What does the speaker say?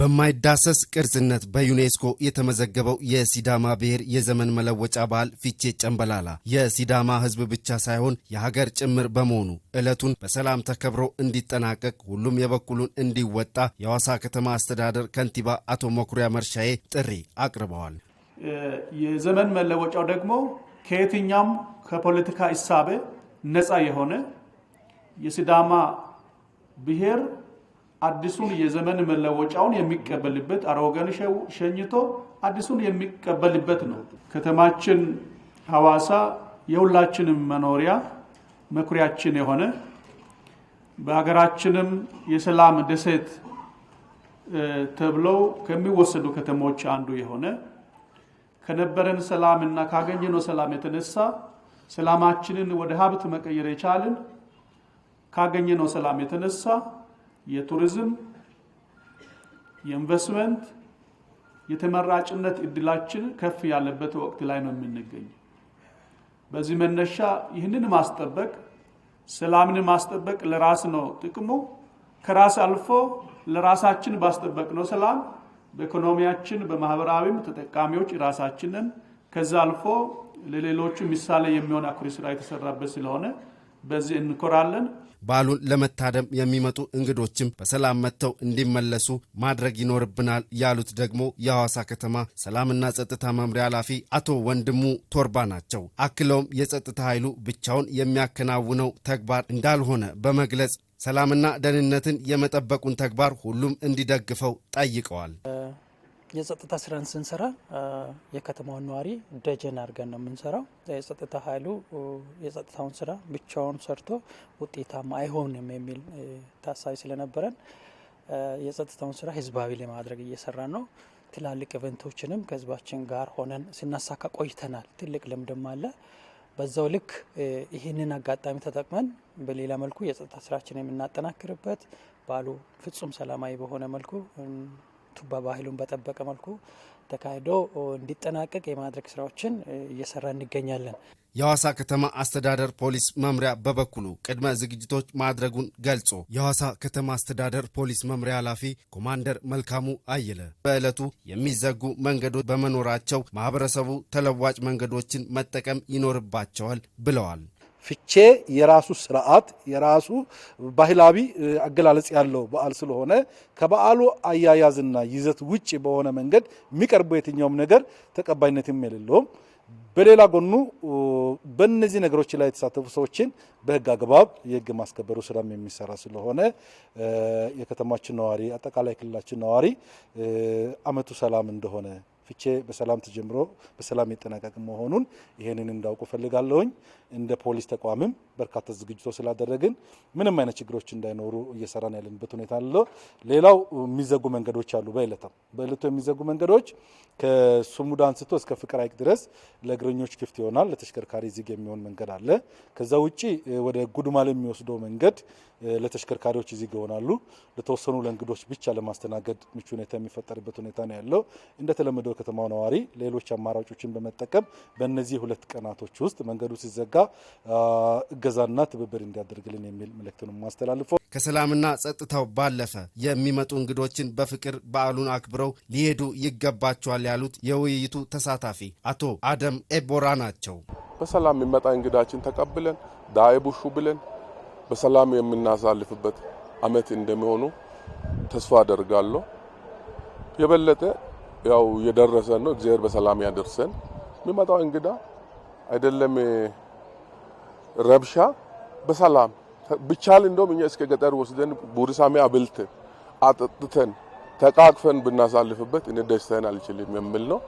በማይዳሰስ ቅርጽነት በዩኔስኮ የተመዘገበው የሲዳማ ብሔር የዘመን መለወጫ በዓል ፊቼ ጨምበላላ የሲዳማ ሕዝብ ብቻ ሳይሆን የሀገር ጭምር በመሆኑ ዕለቱን በሰላም ተከብሮ እንዲጠናቀቅ ሁሉም የበኩሉን እንዲወጣ የሐዋሳ ከተማ አስተዳደር ከንቲባ አቶ መኩሪያ መርሻዬ ጥሪ አቅርበዋል። የዘመን መለወጫው ደግሞ ከየትኛውም ከፖለቲካ እሳቤ ነፃ የሆነ የሲዳማ ብሔር አዲሱን የዘመን መለወጫውን የሚቀበልበት አሮገን ሸኝቶ አዲሱን የሚቀበልበት ነው። ከተማችን ሐዋሳ የሁላችንም መኖሪያ መኩሪያችን የሆነ በሀገራችንም የሰላም ደሴት ተብለው ከሚወሰዱ ከተሞች አንዱ የሆነ ከነበረን ሰላም እና ካገኘነው ሰላም የተነሳ ሰላማችንን ወደ ሀብት መቀየር የቻልን ካገኘነው ሰላም የተነሳ የቱሪዝም፣ የኢንቨስትመንት የተመራጭነት እድላችን ከፍ ያለበት ወቅት ላይ ነው የምንገኘው። በዚህ መነሻ ይህንን ማስጠበቅ ሰላምን ማስጠበቅ ለራስ ነው ጥቅሙ። ከራስ አልፎ ለራሳችን ባስጠበቅ ነው ሰላም በኢኮኖሚያችን በማህበራዊም ተጠቃሚዎች ራሳችንን ከዛ አልፎ ለሌሎቹ ምሳሌ የሚሆን አኩሪ ስራ የተሰራበት ስለሆነ በዚህ እንኮራለን። በዓሉን ለመታደም የሚመጡ እንግዶችም በሰላም መጥተው እንዲመለሱ ማድረግ ይኖርብናል ያሉት ደግሞ የሐዋሳ ከተማ ሰላምና ጸጥታ መምሪያ ኃላፊ አቶ ወንድሙ ቶርባ ናቸው። አክለውም የጸጥታ ኃይሉ ብቻውን የሚያከናውነው ተግባር እንዳልሆነ በመግለጽ ሰላምና ደህንነትን የመጠበቁን ተግባር ሁሉም እንዲደግፈው ጠይቀዋል። የጸጥታ ስራን ስንሰራ የከተማውን ነዋሪ ደጀን አድርገን ነው የምንሰራው። የጸጥታ ኃይሉ የጸጥታውን ስራ ብቻውን ሰርቶ ውጤታማ አይሆንም የሚል ታሳቢ ስለነበረን የጸጥታውን ስራ ህዝባዊ ለማድረግ እየሰራ ነው። ትላልቅ ኢቨንቶችንም ከህዝባችን ጋር ሆነን ስናሳካ ቆይተናል። ትልቅ ልምድም አለ። በዛው ልክ ይህንን አጋጣሚ ተጠቅመን በሌላ መልኩ የጸጥታ ስራችን የምናጠናክርበት በዓሉ ፍጹም ሰላማዊ በሆነ መልኩ ቱባ ባህሉን በጠበቀ መልኩ ተካሂዶ እንዲጠናቀቅ የማድረግ ስራዎችን እየሰራ እንገኛለን። የሐዋሳ ከተማ አስተዳደር ፖሊስ መምሪያ በበኩሉ ቅድመ ዝግጅቶች ማድረጉን ገልጾ የሐዋሳ ከተማ አስተዳደር ፖሊስ መምሪያ ኃላፊ ኮማንደር መልካሙ አየለ በዕለቱ የሚዘጉ መንገዶች በመኖራቸው ማህበረሰቡ ተለዋጭ መንገዶችን መጠቀም ይኖርባቸዋል ብለዋል። ፍቼ የራሱ ስርዓት የራሱ ባህላዊ አገላለጽ ያለው በዓል ስለሆነ ከበዓሉ አያያዝና ይዘት ውጭ በሆነ መንገድ የሚቀርበው የትኛውም ነገር ተቀባይነትም የሌለውም። በሌላ ጎኑ በእነዚህ ነገሮች ላይ የተሳተፉ ሰዎችን በህግ አግባብ የህግ ማስከበሩ ስራም የሚሰራ ስለሆነ የከተማችን ነዋሪ፣ አጠቃላይ ክልላችን ነዋሪ አመቱ ሰላም እንደሆነ ፍቼ በሰላም ተጀምሮ በሰላም የጠናቀቅ መሆኑን ይህንን እንዳውቁ ፈልጋለሁኝ። እንደ ፖሊስ ተቋምም በርካታ ዝግጅቶች ስላደረግን ምንም አይነት ችግሮች እንዳይኖሩ እየሰራን ያለንበት ሁኔታ አለ። ሌላው የሚዘጉ መንገዶች አሉ። በእለታ በእለቱ የሚዘጉ መንገዶች ከሱሙድ አንስቶ እስከ ፍቅር ሐይቅ ድረስ ለእግረኞች ክፍት ይሆናል። ለተሽከርካሪ ዝግ የሚሆን መንገድ አለ። ከዛ ውጪ ወደ ጉድማል የሚወስደው መንገድ ለተሽከርካሪዎች እዚህ ይሆናሉ። ለተወሰኑ ለእንግዶች ብቻ ለማስተናገድ ምቹ ሁኔታ የሚፈጠርበት ሁኔታ ነው ያለው። እንደተለመደው ከተማው ነዋሪ ሌሎች አማራጮችን በመጠቀም በእነዚህ ሁለት ቀናቶች ውስጥ መንገዱ ሲዘጋ እገዛና ትብብር እንዲያደርግልን የሚል መልእክት ነው ከሰላምና ጸጥታው ባለፈ የሚመጡ እንግዶችን በፍቅር በዓሉን አክብረው ሊሄዱ ይገባቸዋል ያሉት የውይይቱ ተሳታፊ አቶ አደም ኤቦራ ናቸው። በሰላም የሚመጣ እንግዳችን ተቀብለን ዳይቡሹ ብለን በሰላም የምናሳልፍበት አመት እንደሚሆኑ ተስፋ አደርጋለሁ። የበለጠ ያው የደረሰ ነው። እግዚአብሔር በሰላም ያደርሰን። የሚመጣው እንግዳ አይደለም ረብሻ በሰላም ብቻል እንደውም እኛ እስከ ገጠር ወስደን ቡሪሳሜ አብልተን አጠጥተን ተቃቅፈን ብናሳልፍበት እኔ ደስታዬን አልችልም የሚል ነው።